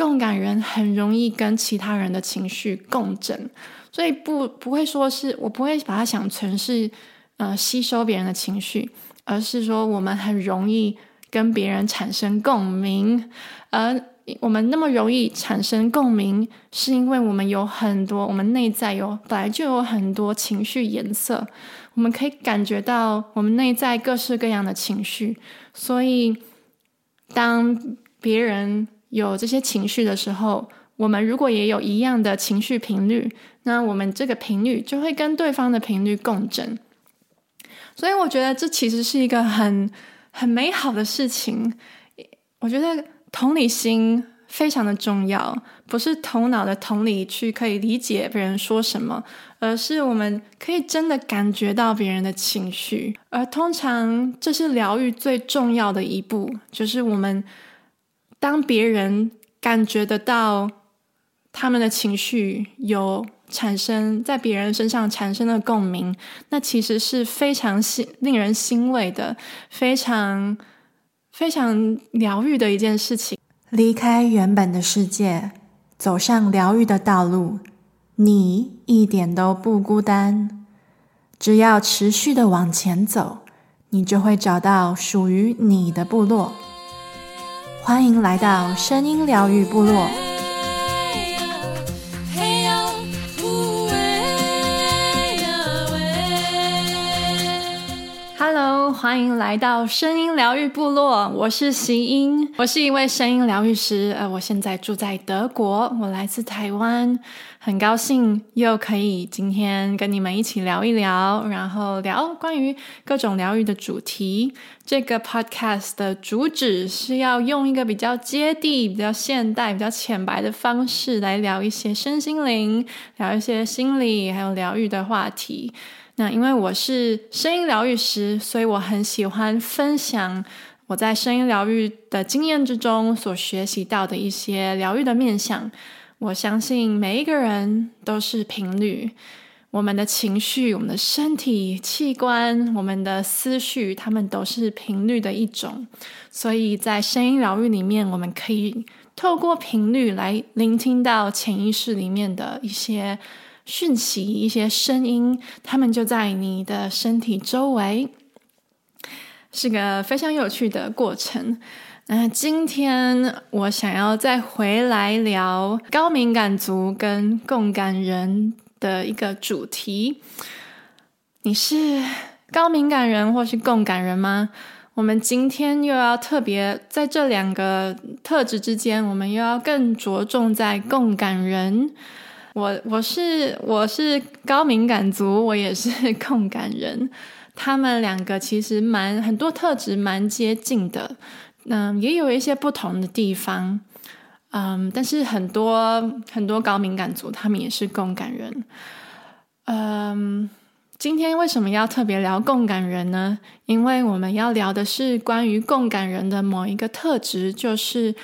共感人很容易跟其他人的情緒共振，所以不不會說是我不會把它想成是呃吸收別人的情緒，而是說我們很容易跟別人產生共鳴。而、呃、我們那麼容易產生共鳴，是因為我們有很多，我們內在有本來就有很多情緒顏色，我們可以感覺到我們內在各式各樣的情緒。所以當別人，有這些情緒的時候，我們如果也有一樣的情緒頻率，那我們這個頻率就會跟對方的頻率共振。所以，我覺得這其實是一個很很美好的事情。我覺得同理心非常的重要，不是頭腦的同理去可以理解別人說什麼，而是我們可以真的感覺到別人的情緒。而通常，這是療癒最重要的一步，就是我們。當別人感覺得到他們的情緒有產生，在別人身上產生了共鳴，那其實是非常欣令人欣慰的，非常非常療癒的一件事情。離開原本的世界，走上療癒的道路，你一點都不孤單。只要持續的往前走，你就會找到屬於你的部落。歡迎來到聲音療癒部落。Hello，歡迎來到聲音療癒部落，我是希音，我是一位聲音療癒師，呃，我現在住在德國，我來自台灣。很高興又可以今天跟你們一起聊一聊，然後聊關於各種療癒的主題。這個 podcast 的主旨是要用一個比較接地、比較現代、比較淺白的方式來聊一些身心靈、聊一些心理，還有療癒的話題。那因為我是聲音療癒師，所以我很喜歡分享我在聲音療癒的經驗之中所學習到的一些療癒的面向。我相信每一個人都是頻率，我們的情緒、我們的身體器官、我們的思緒，他們都是頻率的一種。所以在聲音療癒裡面，我們可以透過頻率來聆聽到潛意識裡面的一些訊息、一些聲音，他們就在你的身體周圍，是個非常有趣的過程。呃，今天我想要再回來聊高敏感族跟共感人的一個主題。你是高敏感人或是共感人嗎？我們今天又要特別在這兩個特質之間，我們又要更着重在共感人。我我是我是高敏感族，我也是共感人。他們兩個其實蠻很多特質蠻接近的。嗯，也有一些不同的地方，嗯，但是很多很多高敏感族他們也是共感人，嗯，今天為什麼要特別聊共感人呢？因為我們要聊的是關於共感人的某一個特質，就是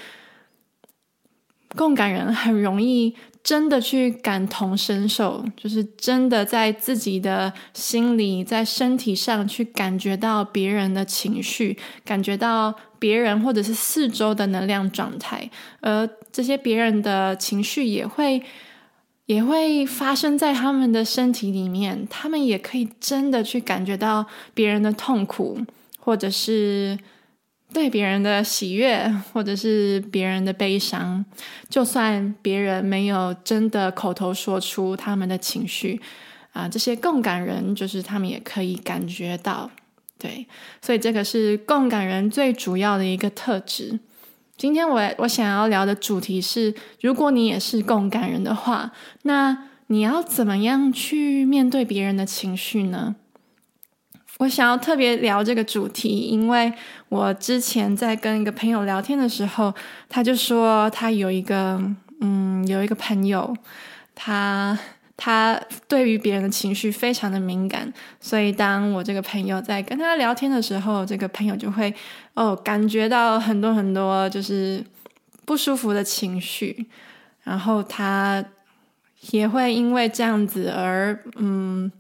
共感人很容易真的去感同身受，就是真的在自己的心裡、在身體上去感覺到別人的情緒，感覺到。別人或者是四周的能量狀態，而這些別人的情緒也會也會發生在他們的身體裡面。他們也可以真的去感覺到別人的痛苦，或者是對別人的喜悅，或者是別人的悲傷。就算別人沒有真的口頭說出他們的情緒啊、呃，這些共感人就是他們也可以感覺到。對，所以這個是共感人最主要的一個特質。今天我我想要聊的主題是，如果你也是共感人的話，那你要怎麼樣去面對別人的情緒呢？我想要特別聊這個主題，因為我之前在跟一個朋友聊天的時候，他就說他有一個嗯，有一個朋友，他。他對於別人的情緒非常的敏感，所以當我這個朋友在跟他聊天的時候，這個朋友就會哦感覺到很多很多就是不舒服的情緒，然後他也會因為這樣子而嗯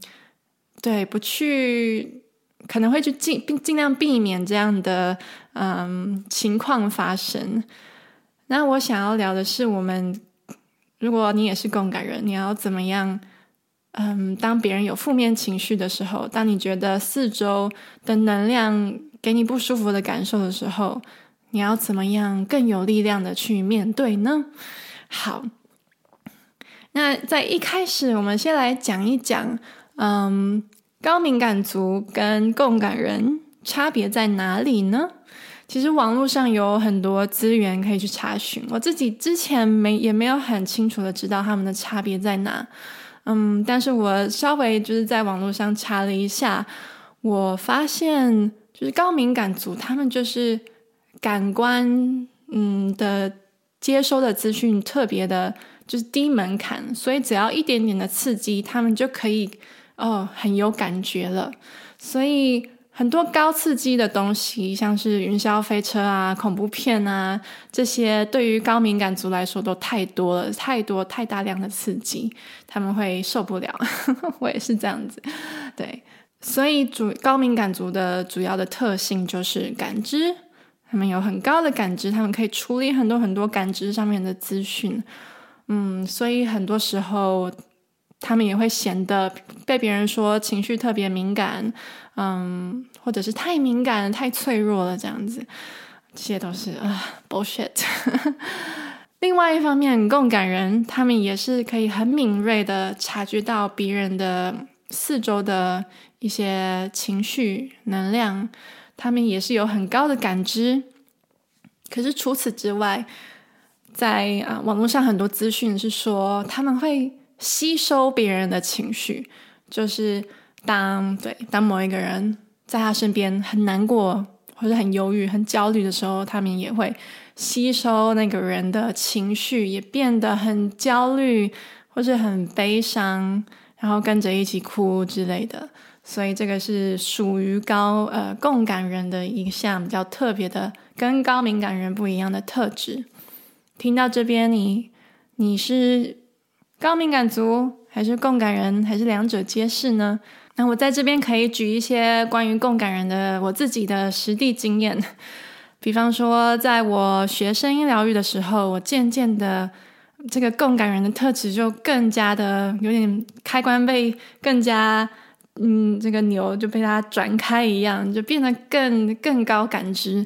對不去可能會去盡盡量避免這樣的嗯情況發生。那我想要聊的是我們。如果你也是共感人，你要怎麼樣？嗯，當別人有負面情緒的時候，當你覺得四周的能量給你不舒服的感受的時候，你要怎麼樣更有力量的去面對呢？好，那在一開始，我們先來講一講，嗯，高敏感族跟共感人差別在哪裡呢？其實網絡上有很多資源可以去查詢，我自己之前沒也沒有很清楚的知道他們的差別在哪，嗯，但是我稍微就是在網絡上查了一下，我發現就是高敏感族，他們就是感官，嗯的接收的資訊特別的就是低門檻，所以只要一點點的刺激，他們就可以哦很有感覺了，所以。很多高刺激的東西，像是雲霄飛車啊、恐怖片啊，這些對於高敏感族來說都太多了，太多、太大量的刺激，他們會受不了。 我也是這樣子，對。所以主，高敏感族的主要的特性，就是感知，他們有很高的感知，他們可以處理很多很多感知上面的資訊。嗯，所以很多時候。他們也會顯得被別人說情緒特別敏感，嗯，或者是太敏感了，太脆弱了這樣子，這些都是啊、呃、bullshit。 另外一方面，共感人他們也是可以很敏銳的察覺到別人的四周的一些情緒能量，他們也是有很高的感知。可是除此之外，在啊、呃、網絡上很多資訊是說他們會。吸收別人的情緒，就是當對當某一個人在他身邊很難過，或者很憂鬱、很焦慮的時候，他們也會吸收那個人的情緒，也變得很焦慮或是很悲傷，然後跟着一起哭之類的。所以這個是屬於高呃共感人的一項比較特別的，跟高敏感人不一樣的特質。聽到這邊你，你你是。高敏感族還是共感人，還是兩者皆是呢？那我在這邊可以舉一些關於共感人的我自己的實地經驗。比方說，在我學聲音療癒的時候，我漸漸的這個共感人的特質就更加的有點開關被更加嗯，這個鈕就被它轉開一樣，就變得更更高感知。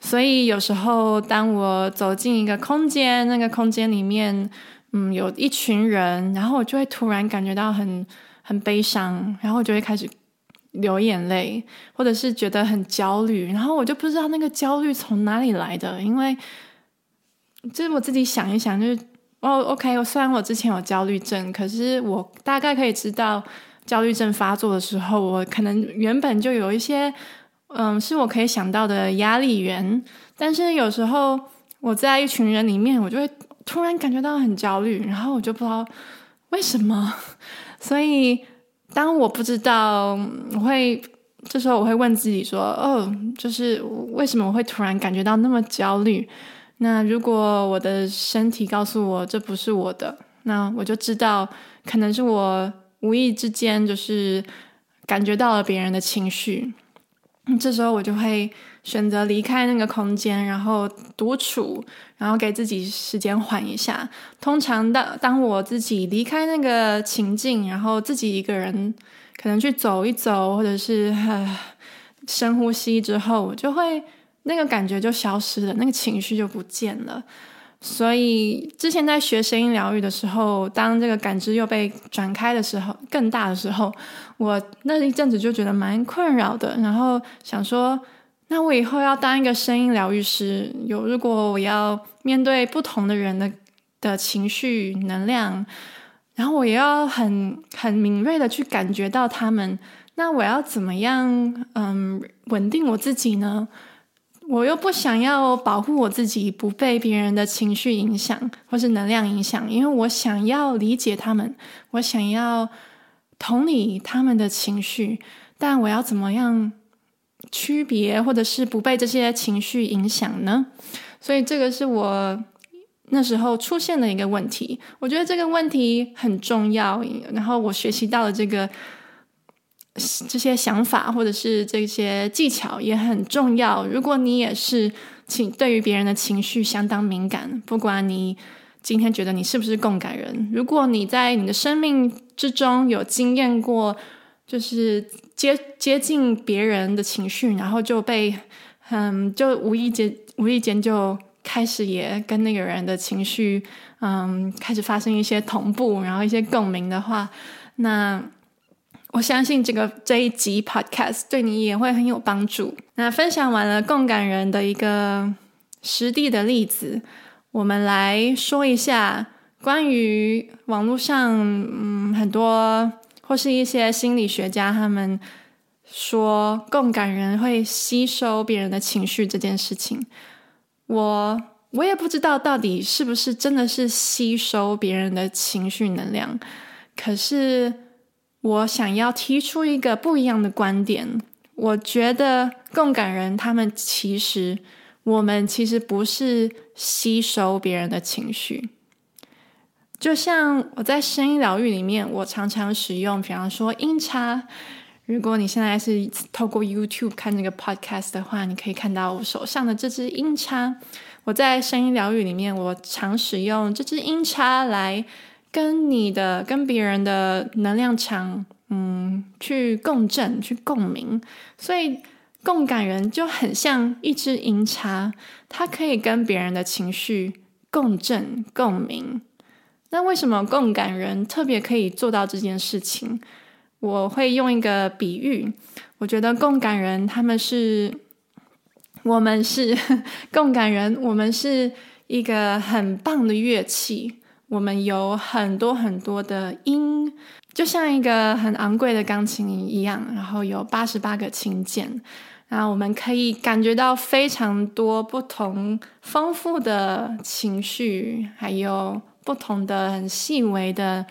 所以有時候當我走進一個空間，那個空間裡面。嗯，有一群人，然後我就會突然感覺到很很悲傷，然後就會開始流眼淚，或者是覺得很焦慮，然後我就不知道那個焦慮從哪裡來的，因為就是我自己想一想，就是哦，OK，我雖然我之前有焦慮症，可是我大概可以知道焦慮症發作的時候，我可能原本就有一些嗯是我可以想到的壓力源，但是有時候我在一群人裡面，我就會。突然感覺到很焦慮，然後我就不知道為什麼。所以當我不知道，我會這時候我會問自己說：“哦，就是為什麼我會突然感覺到那麼焦慮？”那如果我的身體告訴我這不是我的，那我就知道可能是我無意之間就是感覺到了別人的情緒。這時候我就會。選擇離開那個空間，然後獨處，然後給自己時間緩一下。通常的，當當我自己離開那個情境，然後自己一個人，可能去走一走，或者是深呼吸之後，我就會那個感覺就消失了，那個情緒就不見了。所以之前在學聲音療癒的時候，當這個感知又被轉開的時候，更大的時候，我那一陣子就覺得蠻困擾的，然後想說。那我以後要當一個聲音療癒師，有如果我要面對不同的人的的情緒能量，然後我也要很很敏銳的去感覺到他們，那我要怎麼樣，嗯，穩定我自己呢？我又不想要保護我自己，不被別人的情緒影響或是能量影響，因為我想要理解他們，我想要同理他們的情緒，但我要怎麼樣？區別，或者是不被這些情緒影響呢？所以這個是我那時候出現的一個問題。我覺得這個問題很重要。然後我學習到了這個這些想法，或者是這些技巧也很重要。如果你也是請對於別人的情緒相當敏感，不管你今天覺得你是不是共感人，如果你在你的生命之中有經驗過。就是接接近別人的情緒，然後就被，嗯，就無意間無意間就開始也跟那個人的情緒，嗯，開始發生一些同步，然後一些共鳴的話，那我相信這個這一集 podcast 對你也會很有幫助。那分享完了共感人的一個實地的例子，我們來說一下關於網絡上嗯很多，或是一些心理學家，他們說共感人會吸收別人的情緒這件事情，我我也不知道到底是不是真的是吸收別人的情緒能量。可是我想要提出一個不一樣的觀點，我覺得共感人他們其實，我們其實不是吸收別人的情緒。就像我在聲音療癒裡面，我常常使用，比方說音叉。如果你現在是透過 YouTube 看這個 Podcast 的話，你可以看到我手上的這只音叉。我在聲音療癒裡面，我常使用這只音叉來跟你的、跟別人的能量場，嗯，去共振、去共鳴。所以共感人就很像一只音叉，它可以跟別人的情緒共振、共鳴。那為什麼共感人特別可以做到這件事情？我會用一個比喻，我覺得共感人他們是，我們是共感人，我們是一個很棒的樂器，我們有很多很多的音，就像一個很昂貴的鋼琴一樣，然後有八十八個琴鍵，然後我們可以感覺到非常多不同豐富的情緒，還有。不同的很細微的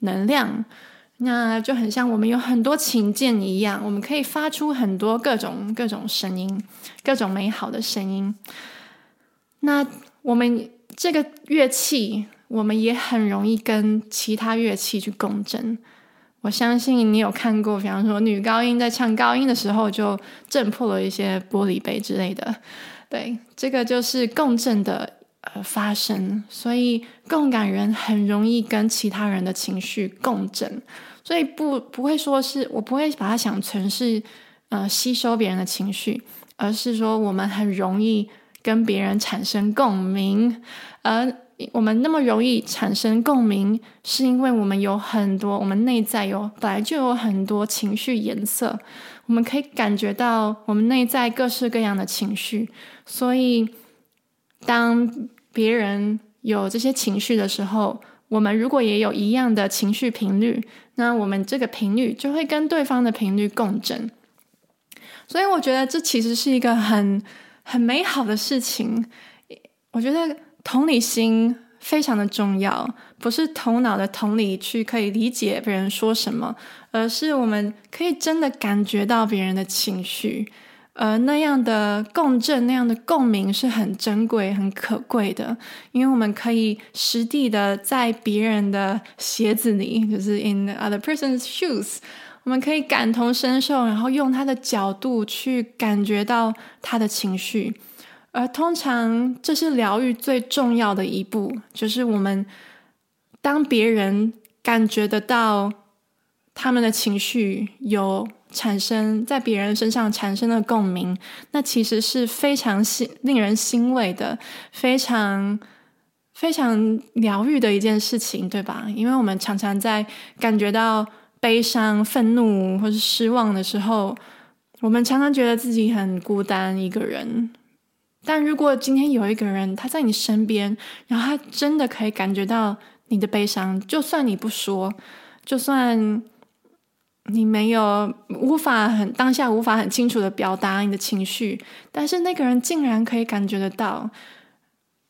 能量，那就很像我們有很多琴鍵一樣，我們可以發出很多各種各種聲音，各種美好的聲音。那我們這個樂器，我們也很容易跟其他樂器去共振。我相信你有看過，比方說女高音在唱高音的時候，就震破了一些玻璃杯之類的。對，這個就是共振的。呃，發生，所以共感人很容易跟其他人的情緒共振，所以不不會說是我不會把它想成是呃吸收別人的情緒，而是說我們很容易跟別人產生共鳴。而、呃、我們那麼容易產生共鳴，是因為我們有很多，我們內在有本來就有很多情緒顏色，我們可以感覺到我們內在各式各樣的情緒，所以。當別人有這些情緒的時候，我們如果也有一樣的情緒頻率，那我們這個頻率就會跟對方的頻率共振。所以，我覺得這其實是一個很很美好的事情。我覺得同理心非常的重要，不是頭腦的同理去可以理解別人說什麼，而是我們可以真的感覺到別人的情緒。呃，那樣的共振，那樣的共鳴是很珍貴、很可貴的，因為我們可以實地的在別人的鞋子裡，就是 in the other person's shoes，我們可以感同身受，然後用他的角度去感覺到他的情緒。而通常，這是療癒最重要的一步，就是我們當別人感覺得到他們的情緒有，產生，在別人身上產生的共鳴，那其實是非常令人欣慰的，非常非常療癒的一件事情，對吧？因為我們常常在感覺到悲傷、憤怒或是失望的時候，我們常常覺得自己很孤單，一個人。但如果今天有一個人他在你身邊，然後他真的可以感覺到你的悲傷，就算你不說，就算你沒有無法很當下無法很清楚的表達你的情緒，但是那個人竟然可以感覺得到，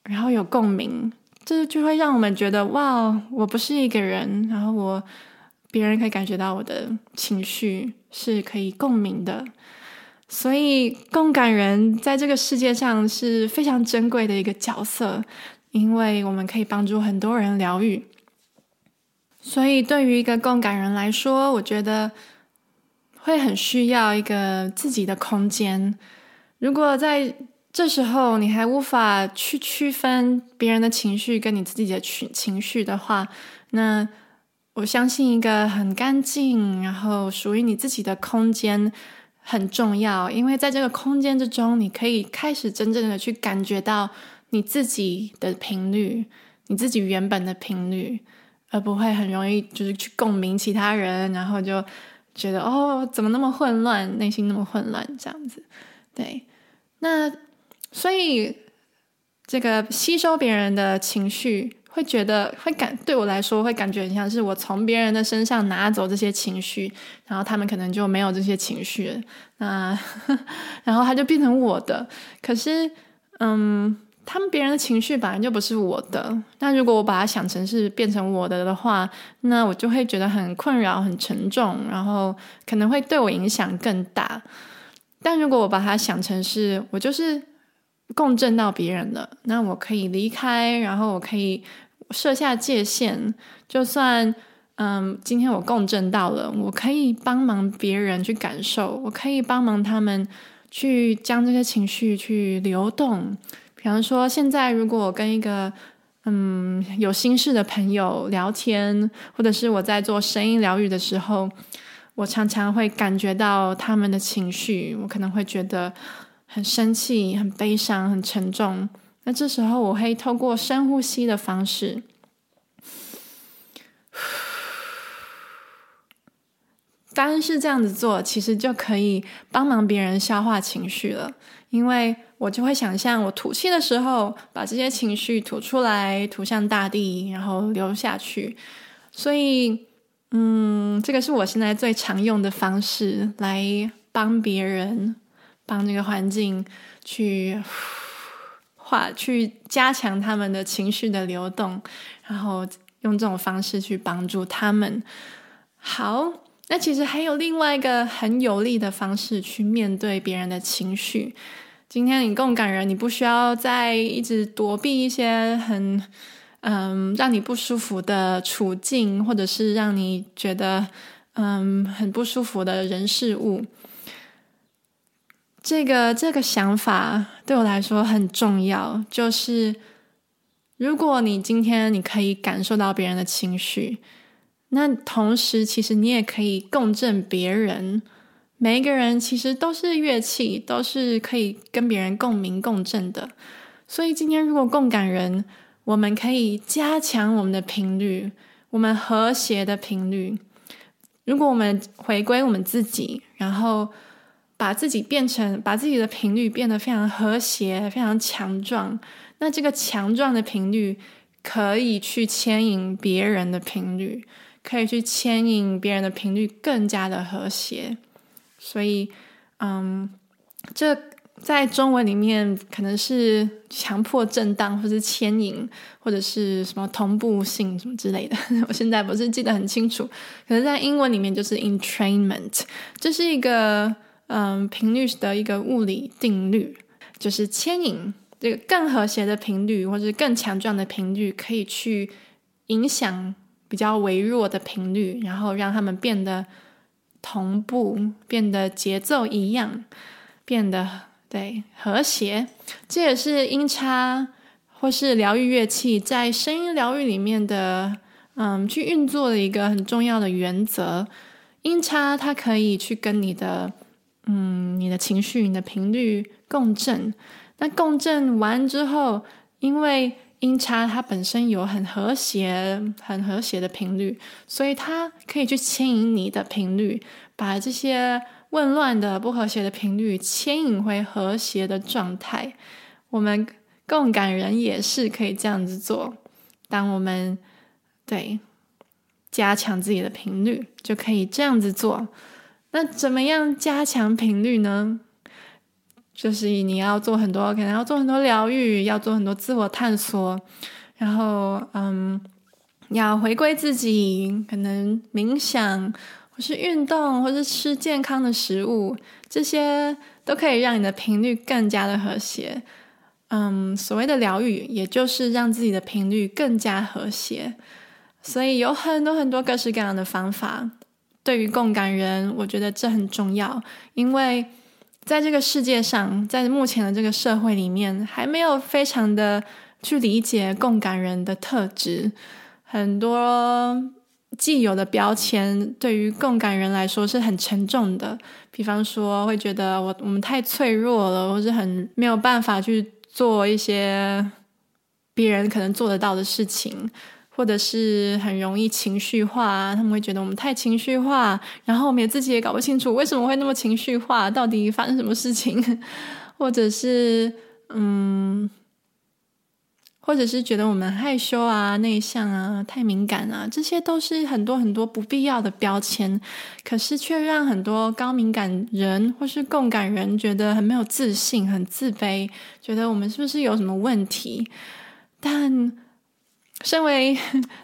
然後有共鳴，這就會讓我們覺得哇，我不是一個人，然後我別人可以感覺到我的情緒是可以共鳴的，所以共感人在這個世界上是非常珍貴的一個角色，因為我們可以幫助很多人療癒。所以，對於一個共感人來說，我覺得會很需要一個自己的空間。如果在這時候你還無法去區分別人的情緒跟你自己的情緒的話，那我相信一個很乾淨，然後屬於你自己的空間很重要，因為在這個空間之中，你可以開始真正的去感覺到你自己的頻率，你自己原本的頻率。而不會很容易，就是去共鳴其他人，然後就覺得哦，怎麼那麼混亂，內心那麼混亂這樣子。對，那所以這個吸收別人的情緒，會覺得會感，對我來說會感覺很像是我從別人的身上拿走這些情緒，然後他們可能就沒有這些情緒了，那然後他就變成我的。可是，嗯。他們別人的情緒本來就不是我的，那如果我把它想成是變成我的的話，那我就會覺得很困擾、很沉重，然後可能會對我影響更大。但如果我把它想成是我就是共振到別人了，那我可以離開，然後我可以設下界限。就算嗯，今天我共振到了，我可以幫忙別人去感受，我可以幫忙他們去將這些情緒去流動。比方說，現在如果我跟一個嗯有心事的朋友聊天，或者是我在做聲音療癒的時候，我常常會感覺到他們的情緒，我可能會覺得很生氣、很悲傷、很沉重。那這時候，我會透過深呼吸的方式。當然是這樣子做，其實就可以幫忙別人消化情緒了，因為我就會想象我吐氣的時候，把這些情緒吐出來，吐向大地，然後流下去。所以，嗯，這個是我現在最常用的方式，來幫別人，幫這個環境去化，去加強他們的情緒的流動，然後用這種方式去幫助他們。好。那其實還有另外一個很有力的方式去面對別人的情緒。今天你共感人，你不需要再一直躲避一些很，嗯，讓你不舒服的處境，或者是讓你覺得嗯，很不舒服的人事物。這個這個想法對我來說很重要，就是如果你今天你可以感受到別人的情緒。那同時，其實你也可以共振別人。每一個人其實都是樂器，都是可以跟別人共鳴共振的。所以今天如果共感人，我們可以加強我們的頻率，我們和諧的頻率。如果我們回歸我們自己，然後把自己變成，把自己的頻率變得非常和諧、非常強壯，那這個強壯的頻率可以去牽引別人的頻率。可以去牽引別人的頻率更加的和諧，所以，嗯，這在中文裡面可能是強迫震盪，或是牽引，或者是什麼同步性什麼之類的。 我現在不是記得很清楚，可能在英文裡面就是 entrainment。這是一個，嗯，頻率的一個物理定律，就是牽引這個更和諧的頻率，或者更強壯的頻率，可以去影響，比較微弱的頻率，然後讓他們變得同步，變得節奏一樣，變得，對，和諧。這也是音叉或是療癒樂器在聲音療癒裡面的，嗯，去運作的一個很重要的原則。音叉它可以去跟你的，嗯，你的情緒、你的頻率共振。那共振完之後，因為。音叉它本身有很和諧、很和諧的頻率，所以它可以去牽引你的頻率，把這些混亂的、不和諧的頻率牽引回和諧的狀態。我們共感人也是可以這樣子做，當我們，對，加強自己的頻率，就可以這樣子做。那怎麼樣加強頻率呢？就是你要做很多，可能要做很多療癒，要做很多自我探索，然後，嗯，要回歸自己，可能冥想，或是運動，或是吃健康的食物，這些都可以讓你的頻率更加的和諧。嗯，所謂的療癒，也就是讓自己的頻率更加和諧。所以有很多很多各式各樣的方法，對於共感人，我覺得這很重要，因為，在這個世界上，在目前的這個社會裡面，還沒有非常的去理解共感人的特質。很多既有的標籤對於共感人來說是很沉重的，比方說會覺得我我們太脆弱了，或是很沒有辦法去做一些別人可能做得到的事情。或者是很容易情緒化啊，他們會覺得我們太情緒化，然後我們自己也搞不清楚為什麼會那麼情緒化，到底發生什麼事情，或者是嗯，或者是覺得我們害羞啊、內向啊、太敏感啊，這些都是很多很多不必要的標籤，可是卻讓很多高敏感人或是共感人覺得很沒有自信、很自卑，覺得我們是不是有什麼問題？但。身為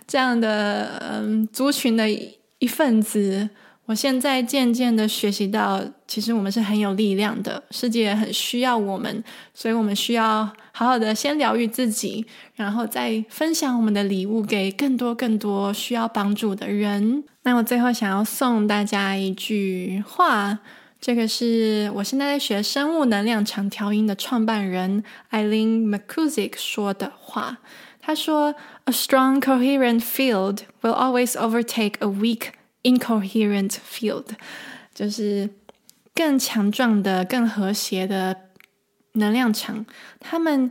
這樣的嗯族群的一份子，我現在漸漸的學習到，其實我們是很有力量的，世界很需要我們，所以我們需要好好的先療癒自己，然後再分享我們的禮物給更多更多需要幫助的人。那我最後想要送大家一句話，這個是我現在在學生物能量場調音的創辦人 Eileen McCusick 說的話。他說：“A strong coherent field will always overtake a weak incoherent field，就是更強壯的、更和諧的能量場，他們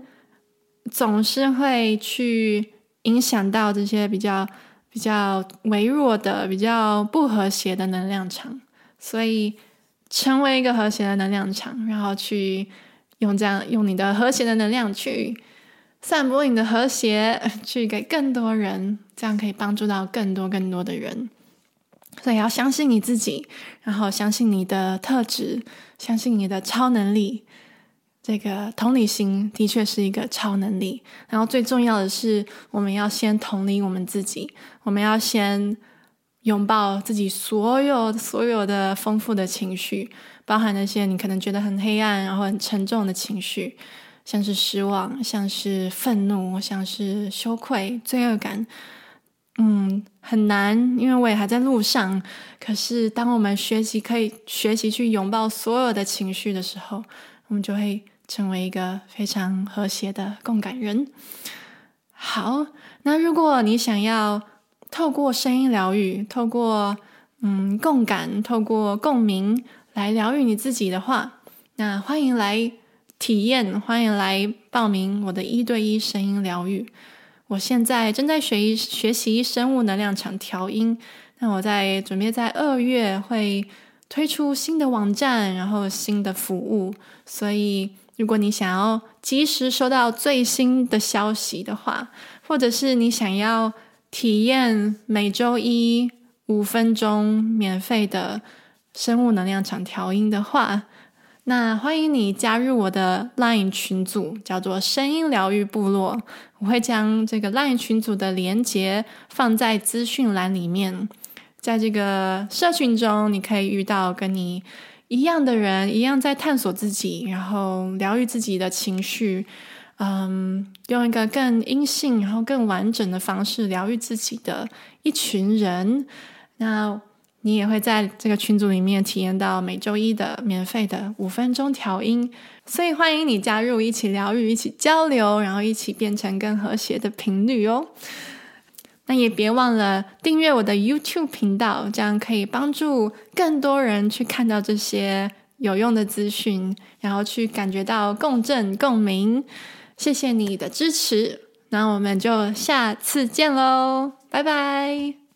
總是會去影響到這些比較比較微弱的、比較不和諧的能量場。所以，成為一個和諧的能量場，然後去用這樣用你的和諧的能量去，”散播你的和諧，去給更多人，這樣可以幫助到更多更多的人。所以要相信你自己，然後相信你的特質，相信你的超能力。這個同理心的確是一個超能力。然後最重要的是，我們要先同理我們自己，我們要先擁抱自己所有所有的豐富的情緒，包含那些你可能覺得很黑暗，然後很沉重的情緒。像是失望，像是憤怒，像是羞愧、罪惡感。嗯，很難，因為我也還在路上。可是，當我們學習可以學習去擁抱所有的情緒的時候，我們就會成為一個非常和諧的共感人。好，那如果你想要透過聲音療癒，透過嗯共感，透過共鳴來療癒你自己的話，那歡迎來。體驗，歡迎來報名我的一對一聲音療癒。我現在正在學一學習生物能量場調音，那我在準備在二月會推出新的網站，然後新的服務。所以，如果你想要及時收到最新的消息的話，或者是你想要體驗每周一五分鐘免費的生物能量場調音的話，那歡迎你加入我的 Line 群組，叫做“聲音療癒部落”。我會將這個 Line 群組的連接放在資訊欄裡面。在這個社群中，你可以遇到跟你一樣的人，一樣在探索自己，然後療癒自己的情緒，嗯，用一個更陰性然後更完整的方式療癒自己的一群人。那。你也會在這個群組裡面體驗到每周一的免費的五分鐘調音，所以歡迎你加入，一起療癒，一起交流，然後一起變成更和諧的頻率哦。那也別忘了訂閱我的 YouTube 頻道，這樣可以幫助更多人去看到這些有用的資訊，然後去感覺到共振共鳴。謝謝你的支持，那我們就下次見嘍，拜拜。